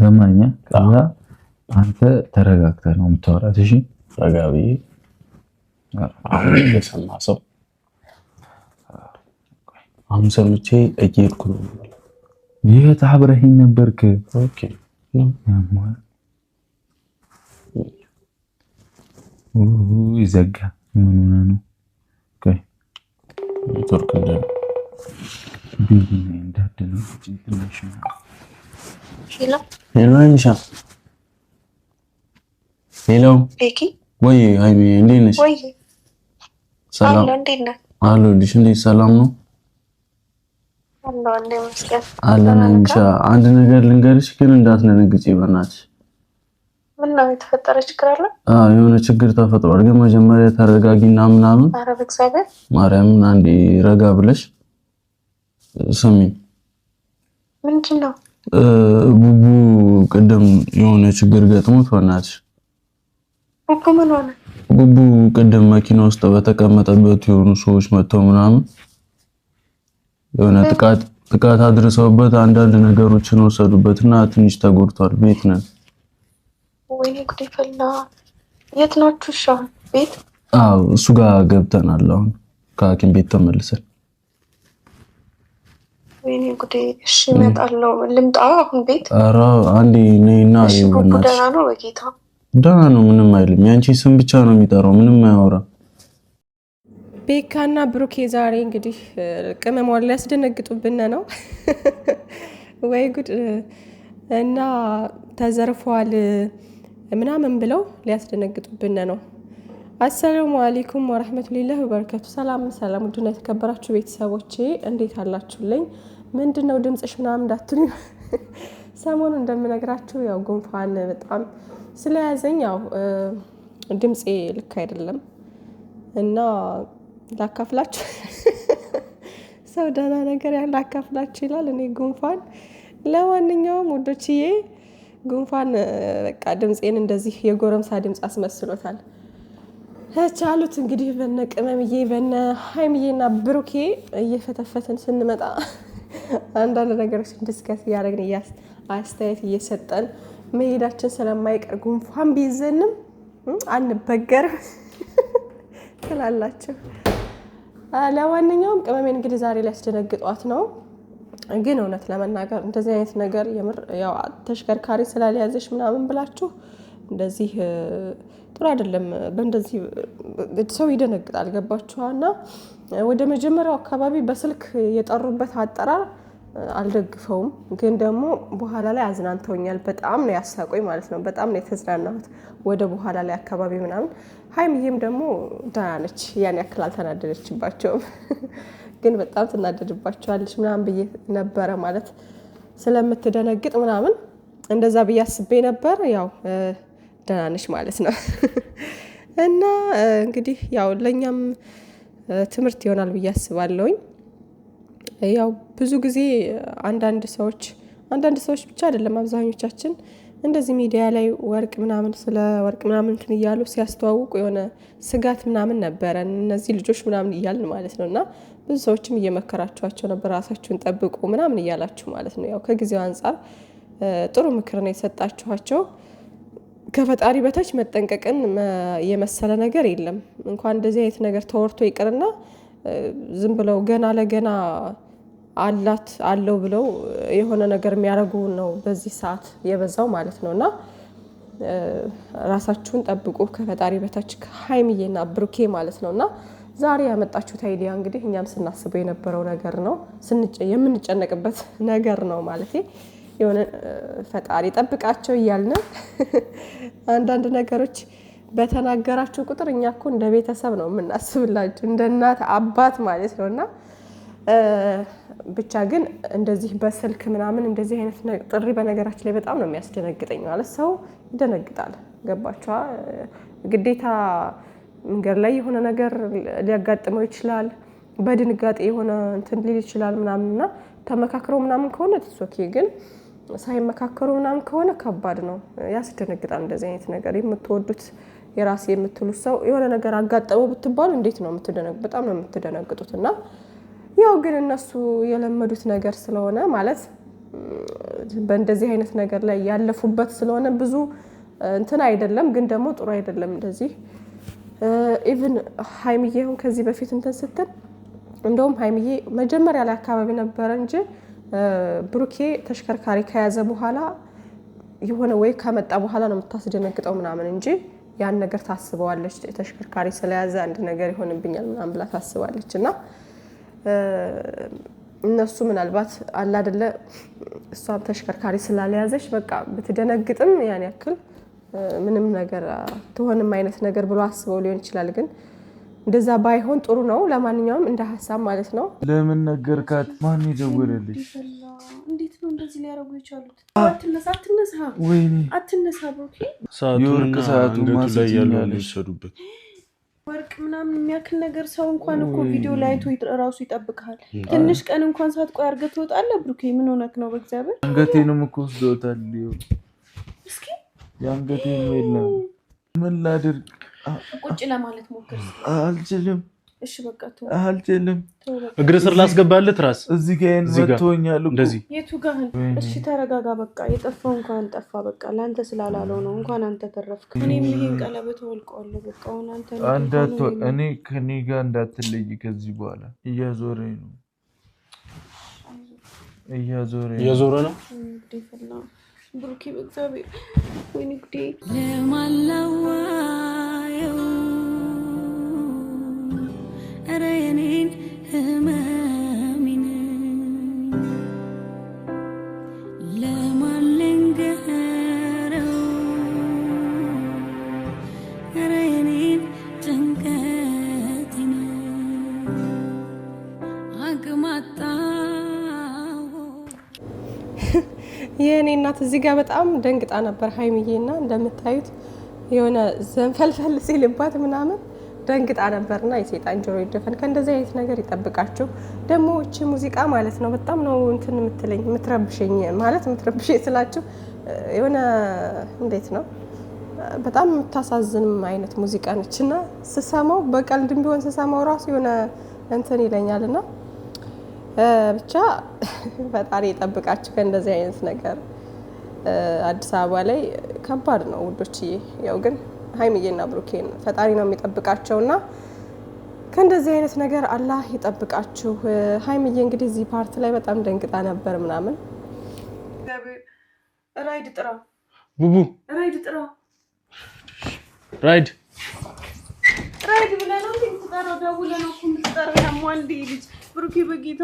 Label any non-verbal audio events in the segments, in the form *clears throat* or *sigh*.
ሰማኛ። ከዛ አንተ ተረጋግተህ ነው የምታወራት። እሺ ረጋ ብዬ የሰማ ሰው አሁን ሰምቼ እየሄድኩ ነው። የት አብረኸኝ ነበርክ? ኦኬ ይዘጋ ምን ሆነህ ነው? ኔትወርክ እንዳለ ሄሎ አይሚሻ፣ ሄሎ ወይ አይሚ፣ እንዴት ነሽ? ሰላም አለሁልሽ። እንዴት ሰላም ነው? አለን አንድ ነገር ልንገርሽ ግን እንዳትነነግጪ በእናትሽ። ምነው የተፈጠረ ችግር አለ? አዎ የሆነ ችግር ተፈጥሯል፣ ግን መጀመሪያ ተረጋጊና ምናምን። ኧረ በእግዚአብሔር ማርያምን አንዴ ረጋ ብለሽ ስሚኝ። ምንድን ነው ቡቡ ቅድም የሆነ ችግር ገጥሞት በእናትሽ እኮ ምን ሆነ? ቡቡ ቅድም መኪና ውስጥ በተቀመጠበት የሆኑ ሰዎች መጥተው ምናምን የሆነ ጥቃት ጥቃት አድርሰውበት አንዳንድ ነገሮችን ወሰዱበትና ትንሽ ተጎድቷል። ቤት ነን። ወይኔ ጉዴ ፈላ። የት ናችሁ? ቤት? አዎ እሱ ጋር ገብተናል። አሁን ከሐኪም ቤት ተመልሰን ወይኔ ጉዴ! እሺ እመጣለሁ። ልምጣ አሁን ቤት? ኧረ አንዴ ነይና። ደህና ነው? በጌታ ደህና ነው። ምንም አይልም። ያንቺ ስም ብቻ ነው የሚጠራው። ምንም አያወራም። ቤካና ብሩኬ ዛሬ እንግዲህ ቅመሟን ሊያስደነግጡብን ነው። *laughs* ወይ ጉድ! እና ተዘርፏል ምናምን ብለው ሊያስደነግጡብን ነው። አሰላሙ አሌይኩም ወረህመቱላሂ ወበረከቱ። ሰላም ሰላም፣ ውድና የተከበራችሁ ቤተሰቦቼ እንዴት አላችሁልኝ? ምንድን ነው ድምፅሽ ምናምን እንዳትሉ። ሰሞኑ እንደምነግራችሁ ያው ጉንፋን በጣም ስለያዘኝ ያው ድምፄ ልክ አይደለም እና ላካፍላችሁ። ሰው ደህና ነገር ያለ ላካፍላችሁ ይላል፣ እኔ ጉንፋን። ለማንኛውም ውዶችዬ ጉንፋን በቃ ድምፄን እንደዚህ የጎረምሳ ድምፅ አስመስሎታል። ቻሉት እንግዲህ በነ ቅመምዬ በነ ሀይምዬና ብሩኬ እየፈተፈትን ስንመጣ አንዳንድ ነገሮችን ዲስከስ እያደረግን አስተያየት እየሰጠን መሄዳችን ስለማይቀር ጉንፋን ቢይዘንም አንበገርም *laughs* ትላላችሁ። ለማንኛውም ቅመሜን እንግዲህ ዛሬ ሊያስደነግጧት ነው። ግን እውነት ለመናገር እንደዚህ አይነት ነገር ያው ተሽከርካሪ ስላልያዘች ምናምን ብላችሁ እንደዚህ ጥሩ አይደለም። በእንደዚህ ሰው ይደነግጣል። ገባችኋና ወደ መጀመሪያው አካባቢ በስልክ የጠሩበት አጠራር አልደግፈውም ግን ደግሞ በኋላ ላይ አዝናንተውኛል። በጣም ነው ያሳቆኝ ማለት ነው። በጣም ነው የተዝናናሁት ወደ በኋላ ላይ አካባቢ ምናምን። ሀይሚዬም ደግሞ ደህና ነች፣ ያን ያክል አልተናደደችባቸውም። *laughs* ግን በጣም ትናደድባቸዋለች ምናምን ብዬ ነበረ ማለት ስለምትደነግጥ ምናምን እንደዛ ብዬ አስቤ ነበር ያው ደህና ማለት ነው። *laughs* እና እንግዲህ ያው ለእኛም ትምህርት ይሆናል ብዬ አስባለሁኝ። ያው ብዙ ጊዜ አንዳንድ ሰዎች አንዳንድ ሰዎች ብቻ አይደለም አብዛኞቻችን እንደዚህ ሚዲያ ላይ ወርቅ ምናምን ስለ ወርቅ ምናምን እንትን እያሉ ሲያስተዋውቁ የሆነ ስጋት ምናምን ነበረን እነዚህ ልጆች ምናምን እያልን ማለት ነው። እና ብዙ ሰዎችም እየመከራችኋቸው ነበር፣ ራሳችሁን ጠብቁ ምናምን እያላችሁ ማለት ነው። ያው ከጊዜው አንጻር ጥሩ ምክር ነው የሰጣችኋቸው። ከፈጣሪ በታች መጠንቀቅን የመሰለ ነገር የለም። እንኳን እንደዚህ አይነት ነገር ተወርቶ ይቅርና ዝም ብለው ገና ለገና አላት አለው ብለው የሆነ ነገር የሚያደርጉ ነው በዚህ ሰዓት የበዛው ማለት ነው። እና ራሳችሁን ጠብቁ ከፈጣሪ በታች ሀይሚዬና ብሩኬ ማለት ነው። እና ዛሬ ያመጣችሁት አይዲያ እንግዲህ እኛም ስናስበው የነበረው ነገር ነው፣ የምንጨነቅበት ነገር ነው ማለት የሆነ ፈጣሪ ጠብቃቸው እያልን *laughs* አንዳንድ ነገሮች በተናገራችሁ ቁጥር እኛ እኮ እንደ ቤተሰብ ነው የምናስብላችሁ፣ እንደ እናት አባት ማለት ነው። እና ብቻ ግን እንደዚህ በስልክ ምናምን እንደዚህ አይነት ጥሪ በነገራችን ላይ በጣም ነው የሚያስደነግጠኝ። ማለት ሰው ይደነግጣል። ገባችኋ? ግዴታ መንገድ ላይ የሆነ ነገር ሊያጋጥመው ይችላል። በድንጋጤ የሆነ እንትን ሊል ይችላል ምናምንና ተመካክረው ምናምን ከሆነ ትሶኬ ግን ሳይመካከሩ ምናምን ከሆነ ከባድ ነው፣ ያስደነግጣል። እንደዚህ አይነት ነገር የምትወዱት የራሴ የምትሉት ሰው የሆነ ነገር አጋጠመው ብትባሉ እንዴት ነው በጣም ነው የምትደነግጡት። እና ያው ግን እነሱ የለመዱት ነገር ስለሆነ ማለት በእንደዚህ አይነት ነገር ላይ ያለፉበት ስለሆነ ብዙ እንትን አይደለም፣ ግን ደግሞ ጥሩ አይደለም እንደዚህ ኢቭን ሀይምዬ ሁን ከዚህ በፊት እንትን ስትል እንደውም ሀይምዬ መጀመሪያ ላይ አካባቢ ነበረ እንጂ ብሩኬ ተሽከርካሪ ከያዘ በኋላ የሆነ ወይ ከመጣ በኋላ ነው የምታስደነግጠው ምናምን እንጂ ያን ነገር ታስበዋለች። ተሽከርካሪ ስለያዘ አንድ ነገር ይሆንብኛል ምናምን ብላ ታስባለች። እና እነሱ ምናልባት አላደለ እሷም ተሽከርካሪ ስላልያዘች በቃ ብትደነግጥም ያን ያክል ምንም ነገር ትሆንም አይነት ነገር ብሎ አስበው ሊሆን ይችላል ግን እንደዛ ባይሆን ጥሩ ነው። ለማንኛውም እንደ ሀሳብ ማለት ነው። ለምን ነገርካት? ማን ይደውልልሽ? እንዴት ነው እንደዚህ ሊያደርጉ የቻሉት? አትነሳ፣ አትነሳ፣ ወይኔ አትነሳ። የወርቅ ሰዓቱ ማሰጅ ወርቅ ምናምን የሚያክል ነገር ሰው እንኳን እኮ ቪዲዮ ላይቶ አይቶ ራሱ ይጠብቃል። ትንሽ ቀን እንኳን ሳትቆይ አድርገህ ትወጣለህ። ብሩኬ ምን ሆነክ ነው? በእግዚአብሔር አንገቴንም እኮ ወስዶታል። እስኪ የአንገቴን የለም ምን ላድርግ ቁጭ ለማለት ሞክር። አልችልም። እሺ በቃ አልችልም። እግር ስር እዚህ እንደዚህ የቱ ጋር? እሺ ተረጋጋ። በቃ የጠፋው እንኳን ጠፋ። በቃ ለአንተ ስላላለው ነው። እንኳን አንተ ተረፍክ። እኔም ቀለበት ወልቀዋለሁ። በቃ አሁን አንተ እኔ ከኔ ጋር እንዳትለይ ከዚህ በኋላ ነው እያዞረ ነው። ብሩኬ በእግዚአብሔር ወይኔ ጉዴ ለማላዋ እዚህ ጋር በጣም ደንግጣ ነበር ና እንደምታዩት የሆነ ዘንፈልፈል ሲልባት ምናምን ደንግጣ ነበርና የሴጣን ጆሮ ይደፈን። ከእንደዚህ አይነት ነገር ይጠብቃችሁ። ደግሞ እቺ ሙዚቃ ማለት ነው በጣም ነው እንትን የምትለኝ የምትረብሸኝ፣ ማለት የምትረብሸኝ ስላችሁ የሆነ እንዴት ነው በጣም የምታሳዝንም አይነት ሙዚቃ ነች እና ስሰማው በቀልድም ቢሆን ስሰማው ራሱ የሆነ እንትን ይለኛል እና ብቻ ፈጣሪ ይጠብቃችሁ ከእንደዚህ አይነት ነገር አዲስ አበባ ላይ ከባድ ነው ውዶችዬ። ያው ግን ሀይሚዬና ብሩኬን ፈጣሪ ነው የሚጠብቃቸው ና ከእንደዚህ አይነት ነገር አላህ ይጠብቃችሁ። ሀይሚዬ እንግዲህ እዚህ ፓርት ላይ በጣም ደንግጣ ነበር ምናምን። ራይድ ጥራ ቡቡ፣ ራይድ ጥራ፣ ራይድ ራይድ ብለህ ነው የምትጠራው? ደውለህ ነው እኮ የምትጠራው። ያሟል ልጅ ብሩኬ በጌታ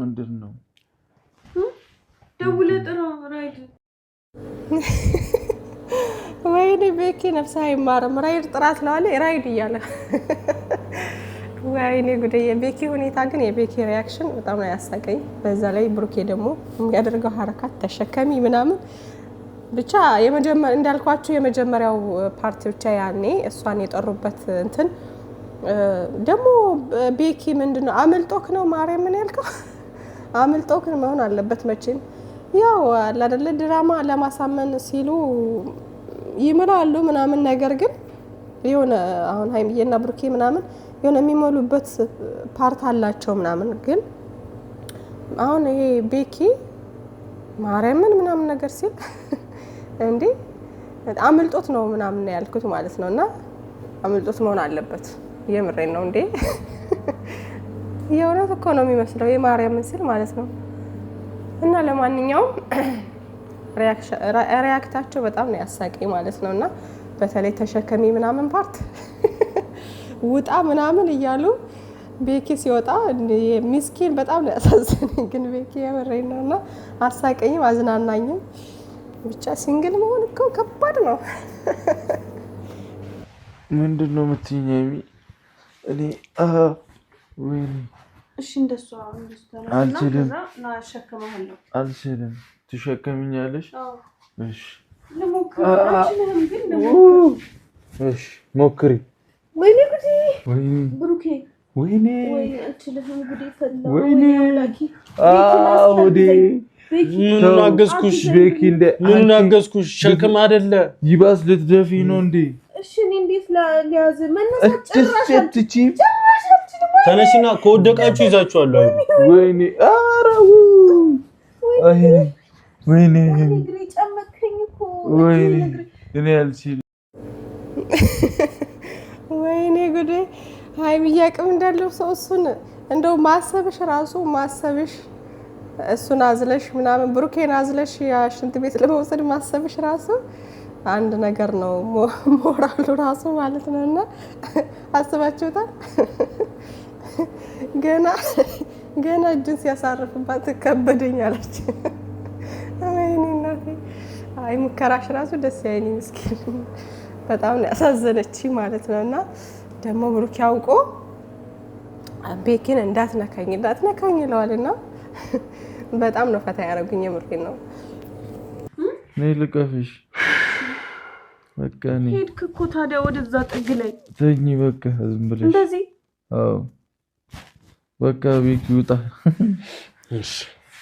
ምንድን ነው ደውለህ ጥራ ራይድ። ወይኔ ቤኪ ነፍስ አይማርም። ራይድ ጥራት ለዋለ ራይድ እያለ ወይኔ ጉዴ! የቤኪ ሁኔታ ግን የቤኪ ሪያክሽን በጣም ነው ያሳቀኝ። በዛ ላይ ብሩኬ ደግሞ የሚያደርገው ሀረካት ተሸከሚ ምናምን ብቻ የመጀመር እንዳልኳችሁ የመጀመሪያው ፓርቲ ብቻ ያኔ እሷን የጠሩበት እንትን ደግሞ ቤኪ ምንድን ነው አምልጦክ ነው ማርያምን ያልከው አምልጦክ መሆን አለበት መቼም። ያው አይደለ ድራማ ለማሳመን ሲሉ ይምላሉ ምናምን ነገር ግን የሆነ አሁን ሀይሚዬና ብሩኬ ምናምን የሆነ የሚሞሉበት ፓርት አላቸው ምናምን ግን አሁን ይሄ ቤኪ ማርያምን ምናምን ነገር ሲል *laughs* እንዴ አምልጦት ነው ምናምን ያልኩት ማለት ነው። እና አምልጦት መሆን አለበት። የምሬን ነው እንዴ *laughs* የእውነት እኮ ነው የሚመስለው የማርያምን ሲል ማለት ነው። እና ለማንኛውም ሪያክታቸው *clears throat* በጣም ነው ያሳቀኝ ማለት ነው። እና በተለይ ተሸከሚ ምናምን ፓርት *laughs* ውጣ ምናምን እያሉ ቤኪ ሲወጣ ሚስኪን በጣም ነው ያሳዘነኝ። ግን ቤኪ የምሬን ነው እና አሳቀኝም አዝናናኝም። ብቻ ሲንግል መሆን እኮ ከባድ ነው። ምንድን ነው የምትይኝ? እኔ ወይኔ Şimdi sorun bizden. Elçerim. Naşakamı hallo. Elçerim. Tüşakamın yerleş. Beş. Ne mokri? Açınım değil mi? Beş. Mokri. ne gudi. Vayne. Bruke. Vayne. Vayne. Açınım gudi falla. Vayne. Aa gudi. ምን አገዝኩሽ? ቤኪ እንደ ምን አገዝኩሽ? ሸክም አይደለ ይባስ ልትደፊ ነው እንዴ? እሺ እኔ እንዴት ሊያዝ መነሳት ጭራሽ አትችይም። ተነሽና ከወደቃችሁ ይዛችኋሉ። አይ ወይኔ አራው ወይኔ ወይኔ ጉዴ! ሀይሚዬ አቅም እንዳለው ሰው እሱን እንደው ማሰብሽ ራሱ ማሰብሽ እሱን አዝለሽ ምናምን ብሩኬን አዝለሽ ሽንት ቤት ለመውሰድ ማሰብሽ ራሱ አንድ ነገር ነው። ሞራሉ ራሱ ማለት ነው እና አስባችሁታል ገና ገና እጁን ሲያሳርፍባት ከበደኝ አለች። ወይኔ እናቴ! አይ ሙከራሽ ራሱ ደስ ያይኒ ምስኪን በጣም ያሳዘነች ማለት ነው። እና ደግሞ ብሩክ ያውቆ ቤኪን እንዳትነካኝ እንዳትነካኝ ይለዋል። እና በጣም ነው ፈታ ያደረጉኝ። የምሬን ነው። ነይ ልቀፍሽ። በቃ ሄድክ እኮ ታዲያ ወደዛ ጥግ ላይ ተኝ። በቃ ዝም ብለሽ እንደዚህ በቃ ቤኪ ውጣ፣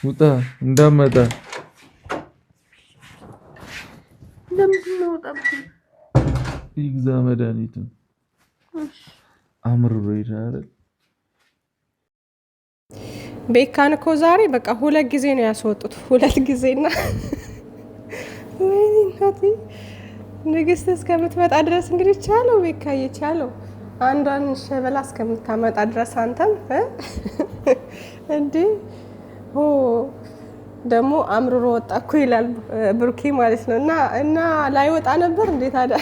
ውጣ እንዳመጣ ይግዛ መድኃኒትም አምርሮ ይዳል። ቤካን እኮ ዛሬ በቃ ሁለት ጊዜ ነው ያስወጡት። ሁለት ጊዜና ወይኔ ንግስት እስከምትመጣ ድረስ እንግዲህ ቻለው ቤካ እየቻለው አንዷን ሸበላ እስከምታመጣ ድረስ አንተም እንዲህ ደግሞ አምርሮ ወጣ እኮ ይላል ብሩኬ ማለት ነው። እና እና ላይወጣ ነበር እንዴ ታዲያ።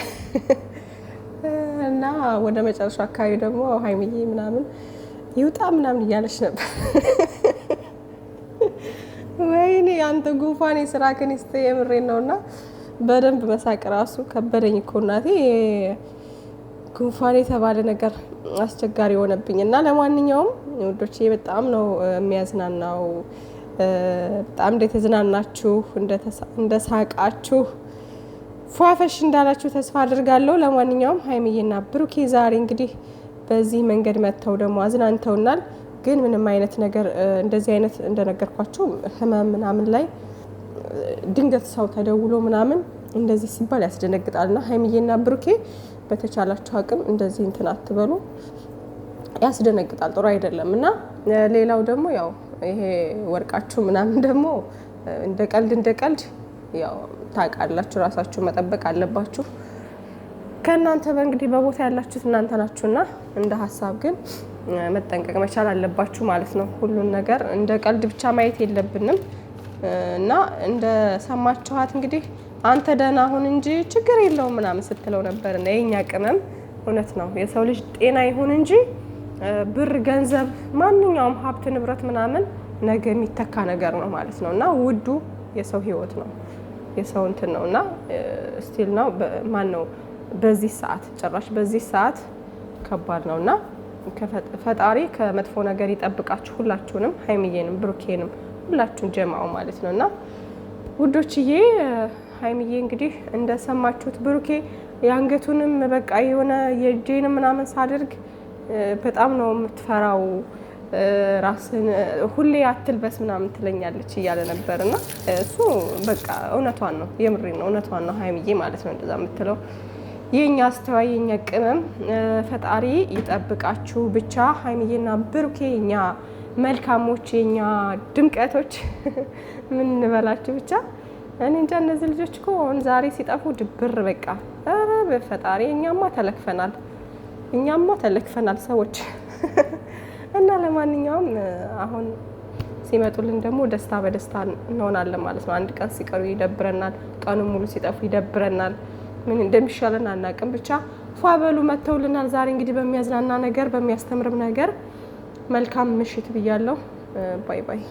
እና ወደ መጨረሻ አካባቢ ደግሞ ሀይሚዬ ምናምን ይውጣ ምናምን እያለች ነበር። ወይኔ አንተ ጉንፋን የስራ ስተ የምሬ ነው። እና በደንብ መሳቅ ራሱ ከበደኝ እኮ እናቴ ጉንፋን የተባለ ነገር አስቸጋሪ የሆነብኝ እና ለማንኛውም ውዶች በጣም ነው የሚያዝናናው። በጣም እንደተዝናናችሁ እንደሳቃችሁ ፏፈሽ እንዳላችሁ ተስፋ አድርጋለሁ። ለማንኛውም ሀይሚዬና ብሩኬ ዛሬ እንግዲህ በዚህ መንገድ መጥተው ደግሞ አዝናንተውናል። ግን ምንም አይነት ነገር እንደዚህ አይነት እንደነገርኳቸው ህመም ምናምን ላይ ድንገት ሰው ተደውሎ ምናምን እንደዚህ ሲባል ያስደነግጣልና ሀይሚዬና ብሩኬ በተቻላችሁ አቅም እንደዚህ እንትን አትበሉ። ያስደነግጣል፣ ጥሩ አይደለም እና ሌላው ደግሞ ያው ይሄ ወርቃችሁ ምናምን ደግሞ እንደ ቀልድ እንደ ቀልድ ያው ታውቃላችሁ፣ ራሳችሁ መጠበቅ አለባችሁ። ከእናንተ በእንግዲህ በቦታ ያላችሁት እናንተ ናችሁና እንደ ሀሳብ ግን መጠንቀቅ መቻል አለባችሁ ማለት ነው። ሁሉን ነገር እንደ ቀልድ ብቻ ማየት የለብንም እና እንደ ሰማችኋት እንግዲህ አንተ ደህና አሁን እንጂ ችግር የለውም ምናምን ስትለው ነበር። እና የኛ ቅመም እውነት ነው የሰው ልጅ ጤና ይሁን እንጂ ብር፣ ገንዘብ፣ ማንኛውም ሀብት ንብረት ምናምን ነገ የሚተካ ነገር ነው ማለት ነው እና ውዱ የሰው ህይወት ነው የሰው እንትን ነው እና ስቲል ነው ማን ነው በዚህ ሰዓት ጭራሽ በዚህ ሰዓት ከባድ ነው እና ፈጣሪ ከመጥፎ ነገር ይጠብቃችሁ ሁላችሁንም፣ ሀይምዬንም፣ ብሩኬንም ሁላችሁን ጀማው ማለት ነው እና ውዶችዬ ሀይሚዬ እንግዲህ እንደሰማችሁት ብሩኬ የአንገቱንም በቃ የሆነ የእጄን ምናምን ሳደርግ በጣም ነው የምትፈራው ራስን ሁሌ አትልበስ ምናምን ትለኛለች እያለ ነበር እና እሱ በቃ እውነቷን ነው የምሬ ነው እውነቷን ነው ሀይሚዬ ማለት ነው እንደዛ የምትለው የኛ አስተዋይ የኛ ቅመም ፈጣሪ ይጠብቃችሁ ብቻ ሀይሚዬና ብሩኬ የኛ መልካሞች የኛ ድምቀቶች *laughs* ምን እንበላችሁ ብቻ እኔ እንጃ እነዚህ ልጆች እኮ አሁን ዛሬ ሲጠፉ ድብር በቃ። ኧረ በፈጣሪ እኛማ ተለክፈናል፣ እኛማ ተለክፈናል ሰዎች *laughs* እና ለማንኛውም አሁን ሲመጡልን ደግሞ ደስታ በደስታ እንሆናለን ማለት ነው። አንድ ቀን ሲቀሩ ይደብረናል፣ ቀኑ ሙሉ ሲጠፉ ይደብረናል። ምን እንደሚሻለን አናውቅም። ብቻ ፏበሉ መጥተውልናል። ዛሬ እንግዲህ በሚያዝናና ነገር በሚያስተምርም ነገር መልካም ምሽት ብያለሁ። ባይ ባይ።